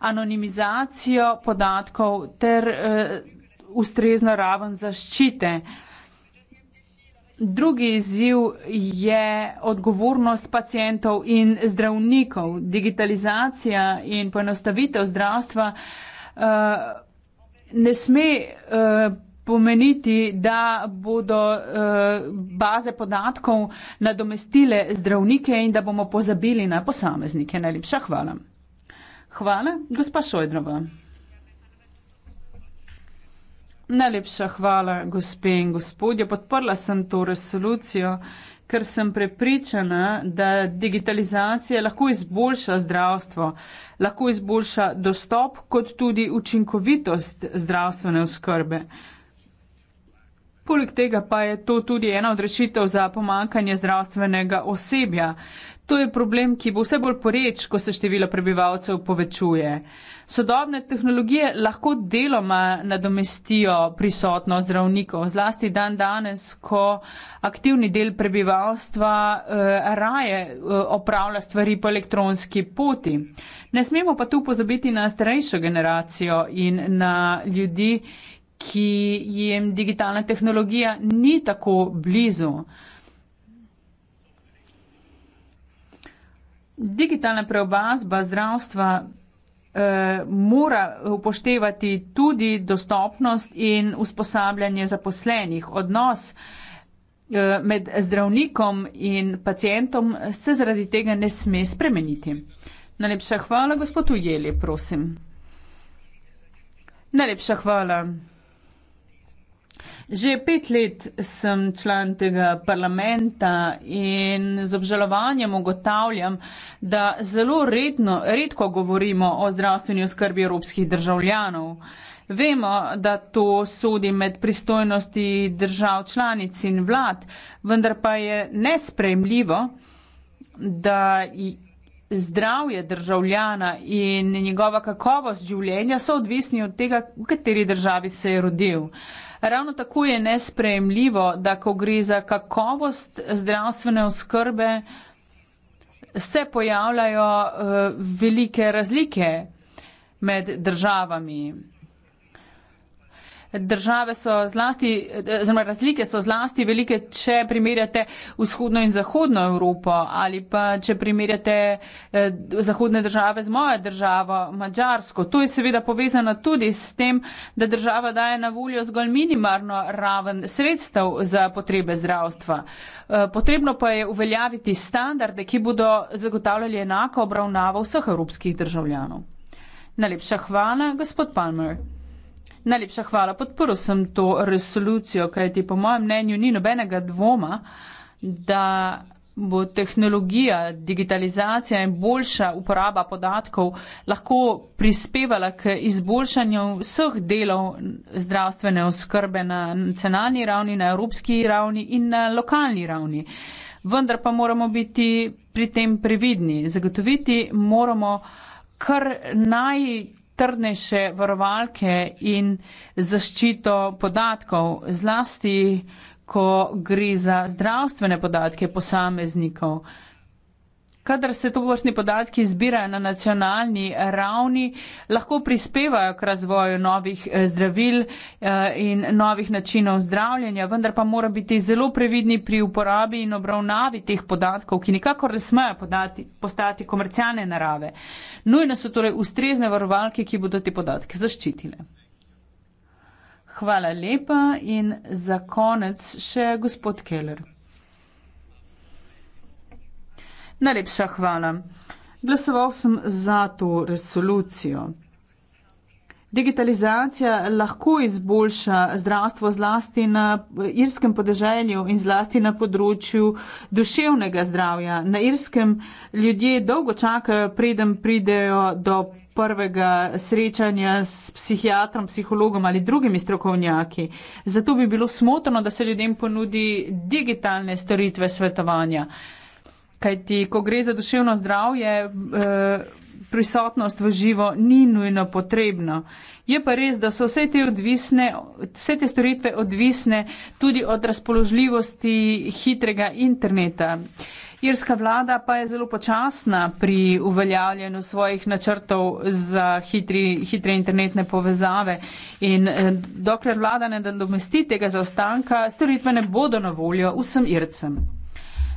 anonimizacijo podatkov ter eh, ustrezno raven zaščite. Drugi izziv je odgovornost pacijentov in zdravnikov. Digitalizacija in poenostavitev zdravstva eh, ne sme eh, pomeniti, da bodo baze podatkov nadomestile zdravnike in da bomo pozabili na posameznike. Najlepša hvala. Hvala, gospa Šojdrova. Najlepša hvala, gospe in gospodje. Podprla sem to resolucijo, ker sem prepričana, da digitalizacija lahko izboljša zdravstvo, lahko izboljša dostop, kot tudi učinkovitost zdravstvene oskrbe. Poleg tega pa je to tudi ena od rešitev za pomankanje zdravstvenega osebja. To je problem, ki bo vse bolj poreč, ko se število prebivalcev povečuje. Sodobne tehnologije lahko deloma nadomestijo prisotno zdravnikov, zlasti dan danes, ko aktivni del prebivalstva eh, raje eh, opravlja stvari po elektronski poti. Ne smemo pa tu pozabiti na starejšo generacijo in na ljudi, ki jim digitalna tehnologija ni tako blizu. Digitalna preobrazba zdravstva eh, mora upoštevati tudi dostopnost in usposabljanje zaposlenih. Odnos eh, med zdravnikom in pacijentom se zaradi tega ne sme spremeniti. Najlepša hvala, gospod Ujeli, prosim. Najlepša hvala. Že pet let sem član tega parlamenta in z obžalovanjem ugotavljam, da zelo redno, redko govorimo o zdravstveni oskrbi evropskih državljanov. Vemo, da to sodi med pristojnosti držav članic in vlad, vendar pa je nespremljivo, da zdravje državljana in njegova kakovost življenja so odvisni od tega, v kateri državi se je rodil. Ravno tako je nesprejemljivo, da ko gre za kakovost zdravstvene oskrbe, se pojavljajo uh, velike razlike med državami države so zlasti, oziroma razlike so zlasti velike, če primerjate vzhodno in zahodno Evropo ali pa če primerjate eh, zahodne države z mojo državo, Mačarsko. To je seveda povezano tudi s tem, da država daje na voljo zgolj minimalno raven sredstev za potrebe zdravstva. Eh, potrebno pa je uveljaviti standarde, ki bodo zagotavljali enako obravnavo vseh evropskih državljanov. Najlepša hvala, gospod Palmer. Najlepša hvala. Podporil sem to resolucijo, kajti po mojem mnenju ni nobenega dvoma, da bo tehnologija, digitalizacija in boljša uporaba podatkov lahko prispevala k izboljšanju vseh delov zdravstvene oskrbe na nacionalni ravni, na evropski ravni in na lokalni ravni. Vendar pa moramo biti pri tem previdni. Zagotoviti moramo kar naj trdnejše varovalke in zaščito podatkov, zlasti ko gre za zdravstvene podatke posameznikov kadar se to vrstni podatki zbirajo na nacionalni ravni, lahko prispevajo k razvoju novih eh, zdravil eh, in novih načinov zdravljenja, vendar pa mora biti zelo previdni pri uporabi in obravnavi teh podatkov, ki nikakor ne smejo podati, postati komercialne narave. Nujno so torej ustrezne varovalke, ki bodo te podatke zaščitile. Hvala lepa in za konec še gospod Keller. Najlepša hvala. Glasoval sem za to resolucijo. Digitalizacija lahko izboljša zdravstvo zlasti na irskem podeželju in zlasti na področju duševnega zdravja. Na irskem ljudje dolgo čakajo, preden pridejo do prvega srečanja s psihiatrom, psihologom ali drugimi strokovnjaki. Zato bi bilo smotrno, da se ljudem ponudi digitalne storitve svetovanja. Kajti, ko gre za duševno zdravje, eh, prisotnost v živo ni nujno potrebno. Je pa res, da so vse te, odvisne, vse te storitve odvisne tudi od razpoložljivosti hitrega interneta. Irska vlada pa je zelo počasna pri uveljavljanju svojih načrtov za hitri, hitre internetne povezave in eh, dokler vlada ne domesti tega zaostanka, storitve ne bodo na voljo vsem Ircem.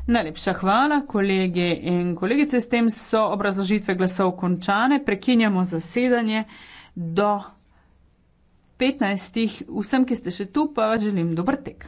Najlepša hvala, kolege in kolegice. S tem so obrazložitve glasov končane. Prekinjamo zasedanje do 15. Vsem, ki ste še tu, pa želim dober tek.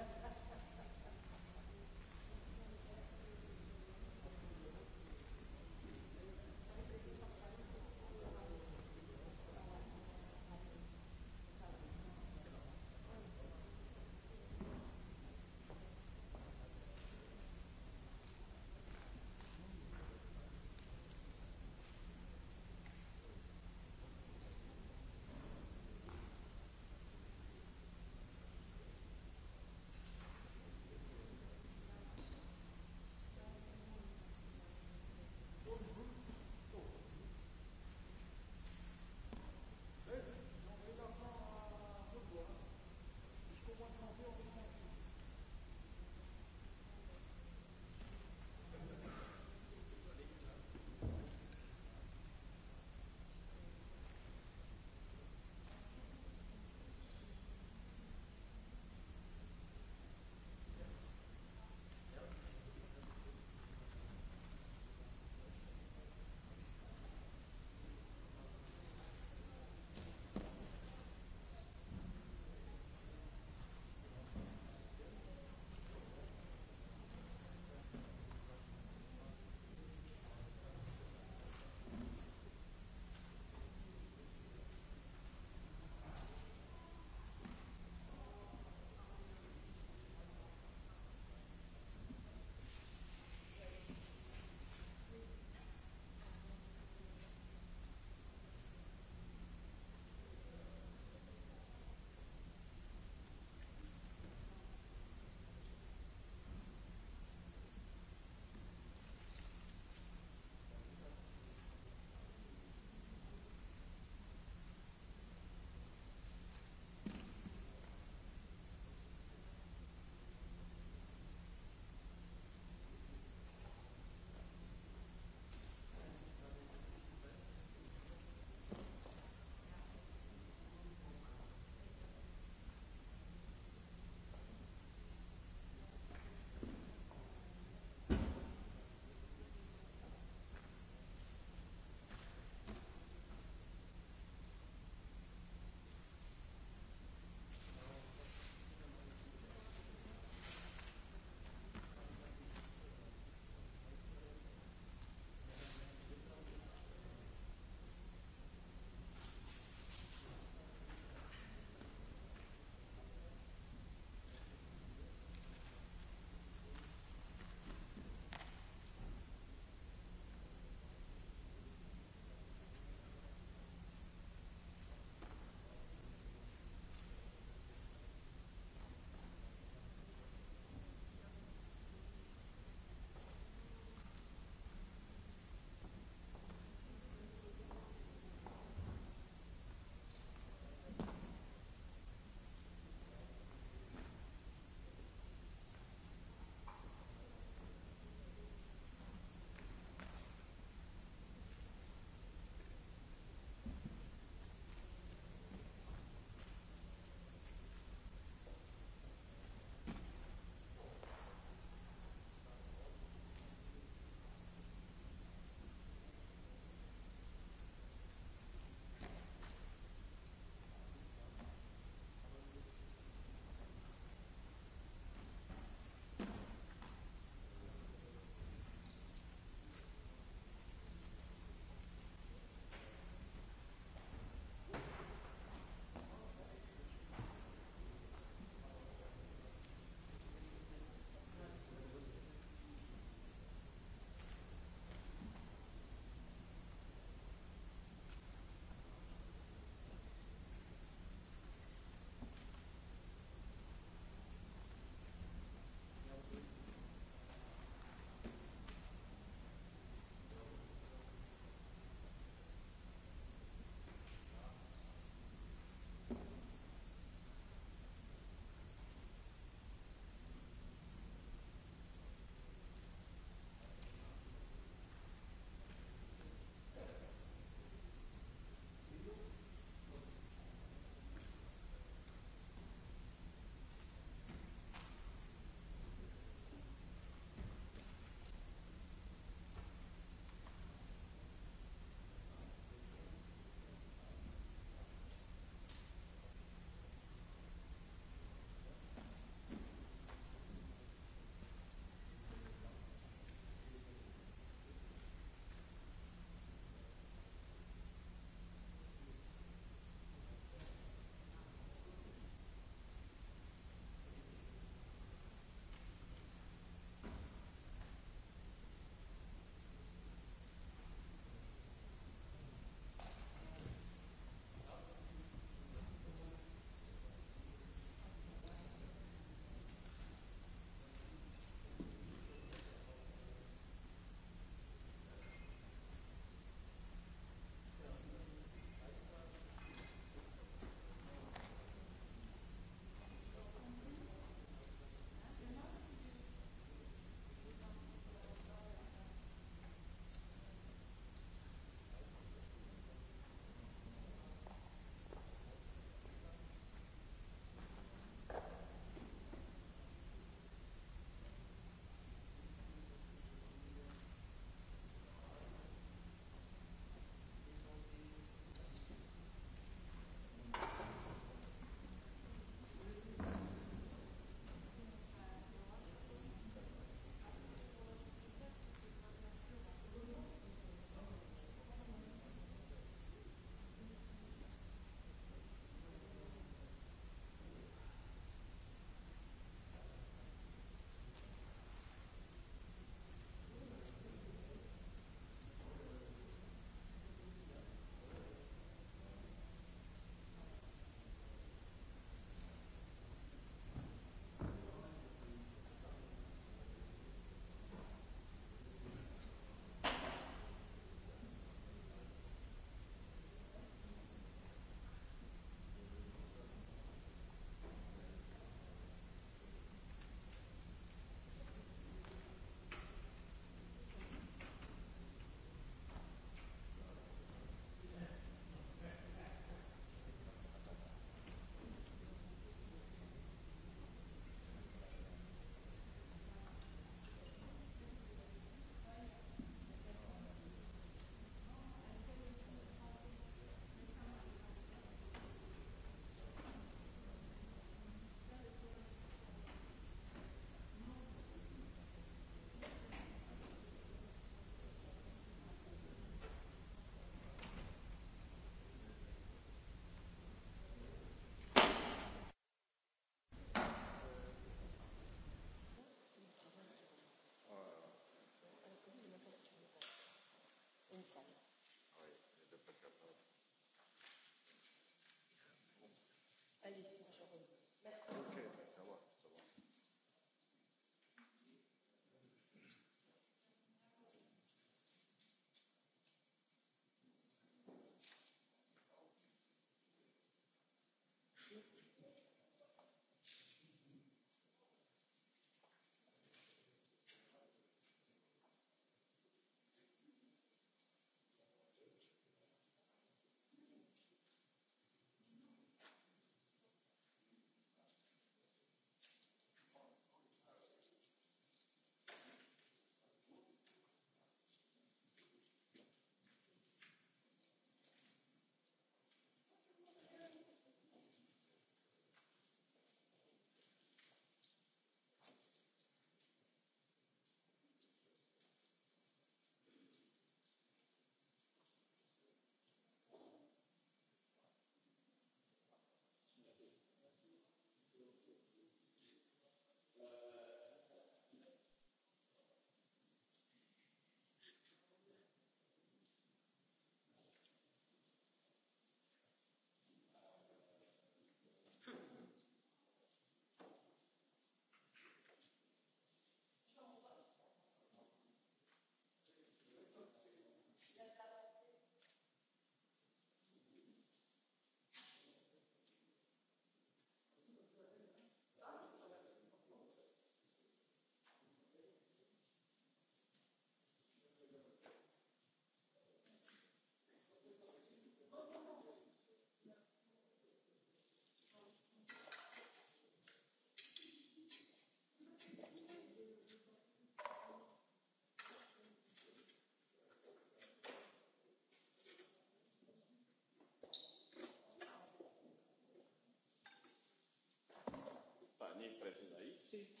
agency.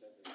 Thank you.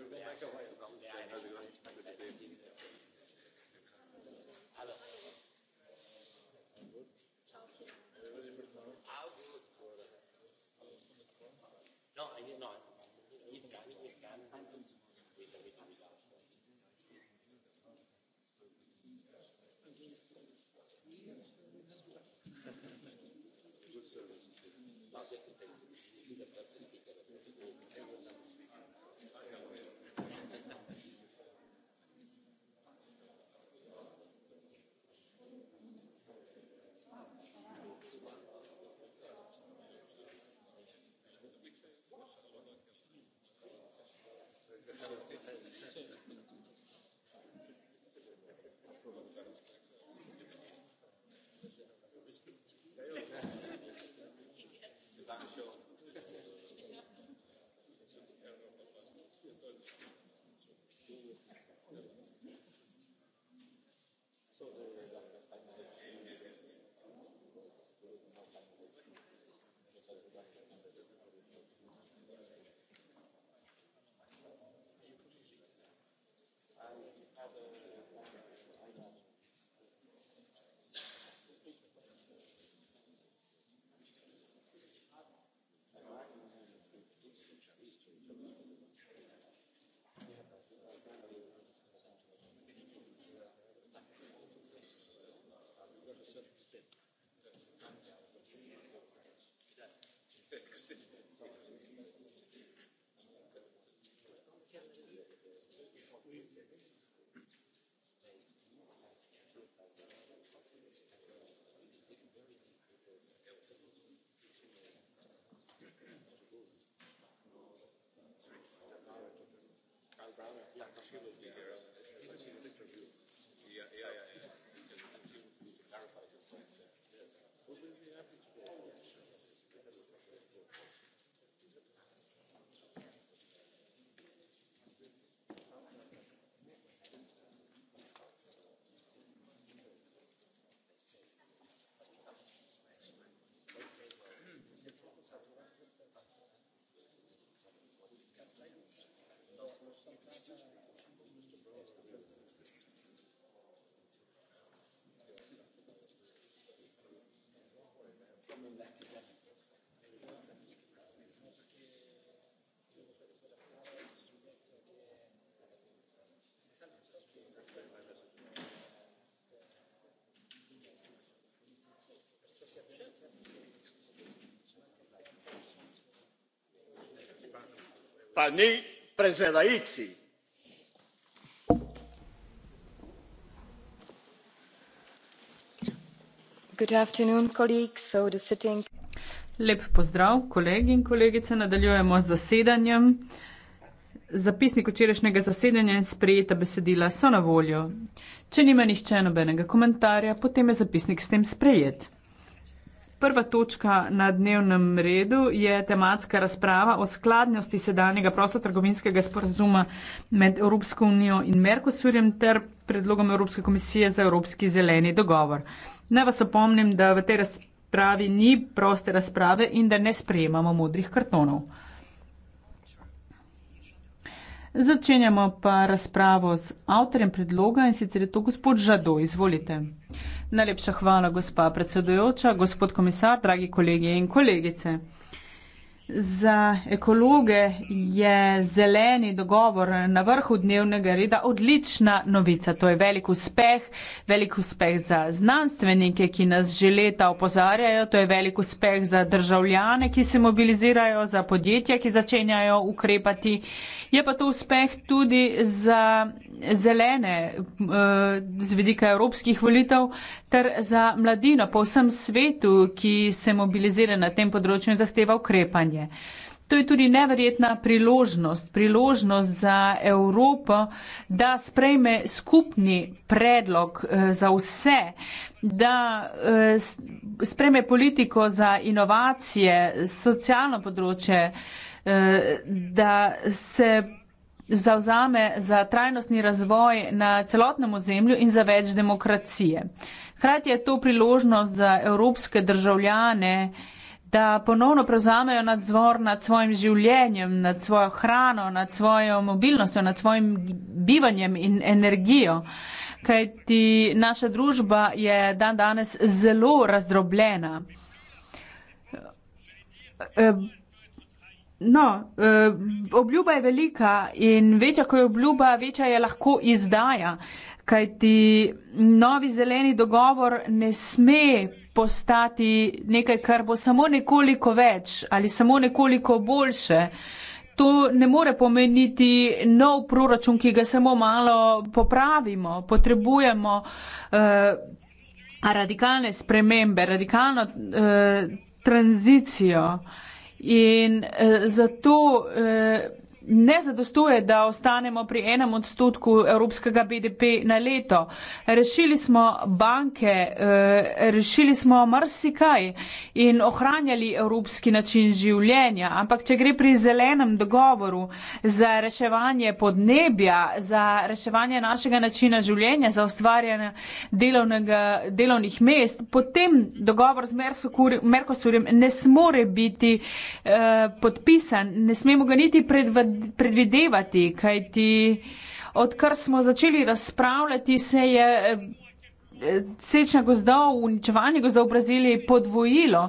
Hvala. Yeah, yeah, yeah. yeah. So, so you clarify the question. Yeah. What will be happy to do? Yeah. Pa ni predsedajoči. Lep pozdrav, kolegi in kolegice, nadaljujemo z zasedanjem. Zapisnik včerajšnjega zasedanja in sprejeta besedila so na voljo. Če nima nihče nobenega komentarja, potem je zapisnik s tem sprejet. Prva točka na dnevnem redu je tematska razprava o skladnosti sedanjega prostotrgovinskega sporazuma med Evropsko unijo in Merkosurjem ter predlogom Evropske komisije za Evropski zeleni dogovor. Naj vas opomnim, da v tej razpravi ni proste razprave in da ne sprejemamo modrih kartonov. Začenjamo pa razpravo z avtorjem predloga in sicer je to gospod Žado. Izvolite. Najlepša hvala, gospa predsedujoča, gospod komisar, dragi kolegi in kolegice. Za ekologe je zeleni dogovor na vrhu dnevnega reda odlična novica. To je velik uspeh, velik uspeh za znanstvenike, ki nas že leta opozarjajo, to je velik uspeh za državljane, ki se mobilizirajo, za podjetja, ki začenjajo ukrepati. Je pa to uspeh tudi za zelene eh, z vidika evropskih volitev ter za mladino po vsem svetu, ki se mobilizira na tem področju in zahteva ukrepanje. Slovenije. To je tudi neverjetna priložnost, priložnost za Evropo, da sprejme skupni predlog eh, za vse, da eh, sprejme politiko za inovacije, socialno področje, eh, da se zauzame za trajnostni razvoj na celotnem ozemlju in za več demokracije. Hrati je to priložnost za evropske državljane, da se da ponovno prevzamejo nadzor nad svojim življenjem, nad svojo hrano, nad svojo mobilnostjo, nad svojim bivanjem in energijo. Kaj ti naša družba je dan danes zelo razdrobljena. E, no, e, obljuba je velika in večja, ko je obljuba, večja je lahko izdaja. Kaj ti novi zeleni dogovor ne sme postati nekaj, kar bo samo nekoliko več ali samo nekoliko boljše. To ne more pomeniti nov proračun, ki ga samo malo popravimo. Potrebujemo uh, radikalne spremembe, radikalno uh, tranzicijo. In uh, zato. Uh, ne zadostuje, da ostanemo pri enem odstotku evropskega BDP na leto. Rešili smo banke, eh, rešili smo marsikaj in ohranjali evropski način življenja, ampak če gre pri zelenem dogovoru za reševanje podnebja, za reševanje našega načina življenja, za ustvarjanje delovnih mest, potem dogovor z Mercosurjem ne more biti eh, podpisan, ne smemo ga niti predvedati, predvidevati, kajti odkar smo začeli razpravljati, se je eh, sečna gozdov, uničevanje gozdov v Braziliji podvojilo.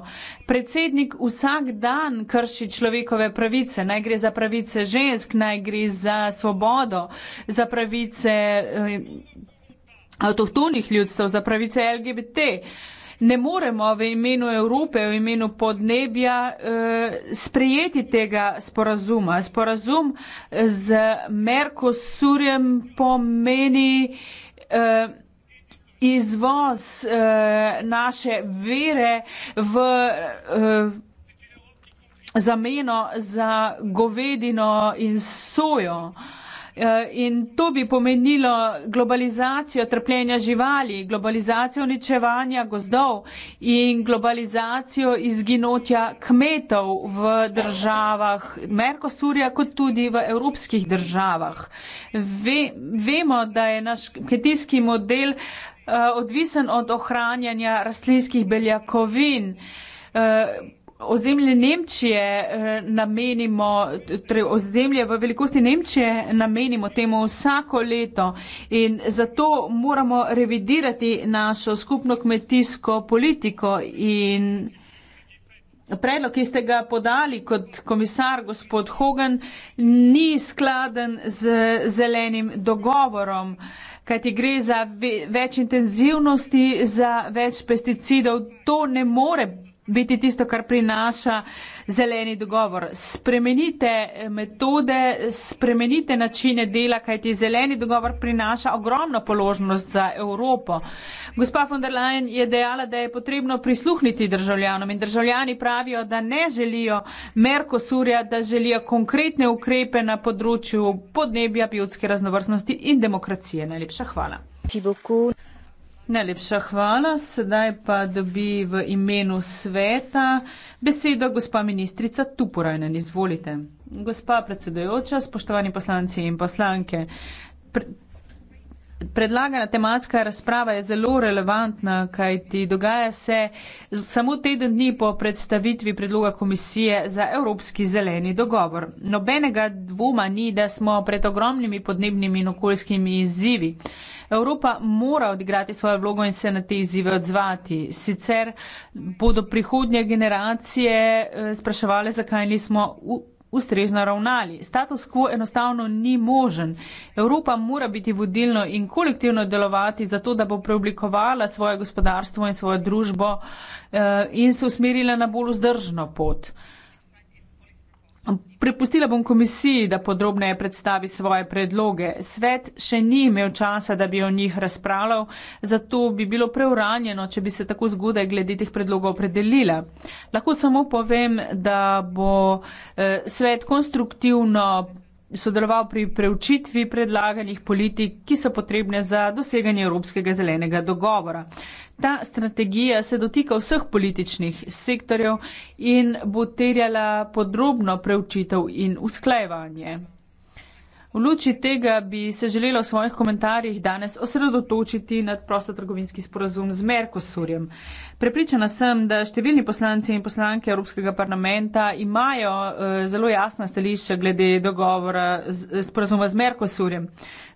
Predsednik vsak dan krši človekove pravice, naj gre za pravice žensk, naj gre za svobodo, za pravice eh, avtohtonih ljudstv, za pravice LGBT. Uh, ne moremo v imenu Evrope, v imenu podnebja eh, sprejeti tega sporazuma. Sporazum eh, z Merkosurjem pomeni eh, izvoz naše vere v zameno za govedino in sojo. Eh, in to bi pomenilo globalizacijo trpljenja živali, globalizacijo uničevanja gozdov in globalizacijo izginotja kmetov v državah Merkosurja, kot tudi v evropskih državah. Ve, vemo, da je naš kmetijski model eh, odvisen od ohranjanja rastlinskih beljakovin. Eh, ozemlje Nemčije eh, namenimo, torej ozemlje v velikosti Nemčije namenimo temu vsako leto in zato moramo revidirati našo skupno kmetijsko politiko in predlog, ki ste ga podali kot komisar gospod Hogan, ni skladen z zelenim dogovorom, kajti gre za več intenzivnosti, za več pesticidov. To ne more biti tisto, kar prinaša zeleni dogovor. Spremenite metode, spremenite načine dela, kajti zeleni dogovor prinaša ogromno položnost za Evropo. Gospa von der Leyen je dejala, da je potrebno prisluhniti državljanom in državljani pravijo, da ne želijo Merkosurja, da želijo konkretne ukrepe na področju podnebja, biotske raznovrstnosti in demokracije. Najlepša hvala. Tibokun. Najlepša hvala. Sedaj pa dobi v imenu sveta besedo gospa ministrica Tuporajnen. Izvolite. Gospa predsedojoča, spoštovani poslanci in poslanke. Pre Predlagana tematska razprava je zelo relevantna, kajti dogaja se samo teden dni po predstavitvi predloga komisije za Evropski zeleni dogovor. Nobenega dvoma ni, da smo pred ogromnimi podnebnimi in okoljskimi izzivi. Evropa mora odigrati svojo vlogo in se na te izzive odzvati. Sicer bodo prihodnje generacije eh, spraševali, zakaj nismo ustrezno ravnali. Status quo enostavno ni možen. Evropa mora biti vodilno in kolektivno delovati za to, da bo preoblikovala svoje gospodarstvo in svojo družbo eh, in se usmerila na bolj vzdržno pot. Prepustila bom komisiji, da podrobneje predstavi svoje predloge. Svet še ni imel časa, da bi o njih razpravljal, zato bi bilo preuranjeno, če bi se tako zgodaj glede teh predlogov opredelila. Lahko samo povem, da bo eh, svet konstruktivno sodeloval pri preučitvi predlaganih politik, ki so potrebne za doseganje Evropskega zelenega dogovora. Ta strategija se dotika vseh političnih sektorjev in bo terjala podrobno preučitev in usklajevanje. V luči tega bi se želela v svojih komentarjih danes osredotočiti nad prostotrgovinski sporazum z Merkosurjem. Prepričana sem, da številni poslanci in poslanke Evropskega parlamenta imajo eh, zelo jasna stališča glede dogovora z, eh, sporazuma z Merkosurjem.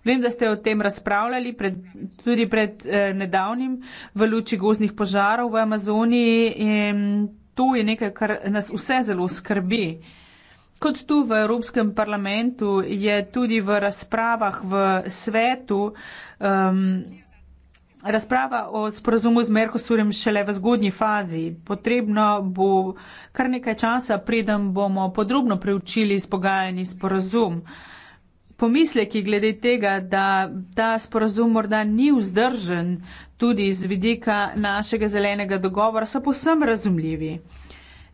Vem, da ste o tem razpravljali pred, tudi pred eh, nedavnim v luči gozdnih požarov v Amazoniji in to je nekaj, kar nas vse zelo skrbi. Eh, Kot tu v Evropskem parlamentu je tudi v razpravah v svetu um, razprava o sporazumu z Merkosurjem šele v zgodnji fazi. Potrebno bo kar nekaj časa, preden bomo podrobno preučili izpogajani sporazum. Pomisleki glede tega, da ta sporazum morda ni vzdržen tudi iz vidika našega zelenega dogovora, so posem razumljivi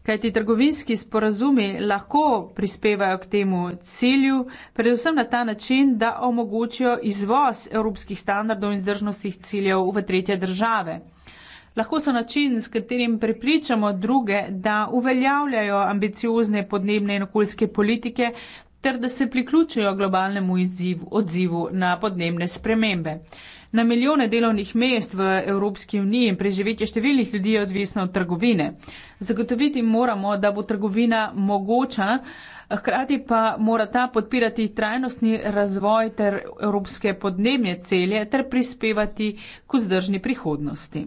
kajti trgovinski sporazumi lahko prispevajo k temu cilju, predvsem na ta način, da omogočijo izvoz evropskih standardov in zdržnostih ciljev v tretje države. Lahko so način, s katerim prepričamo druge, da uveljavljajo ambiciozne podnebne in okoljske politike, ter da se priključijo globalnemu izzivu, odzivu na podnebne spremembe na milijone delovnih mest v Evropski uniji in preživetje številnih ljudi je odvisno od trgovine. Zagotoviti moramo, da bo trgovina mogoča, hkrati pa mora ta podpirati trajnostni razvoj ter evropske podnebne celje ter prispevati k vzdržni prihodnosti.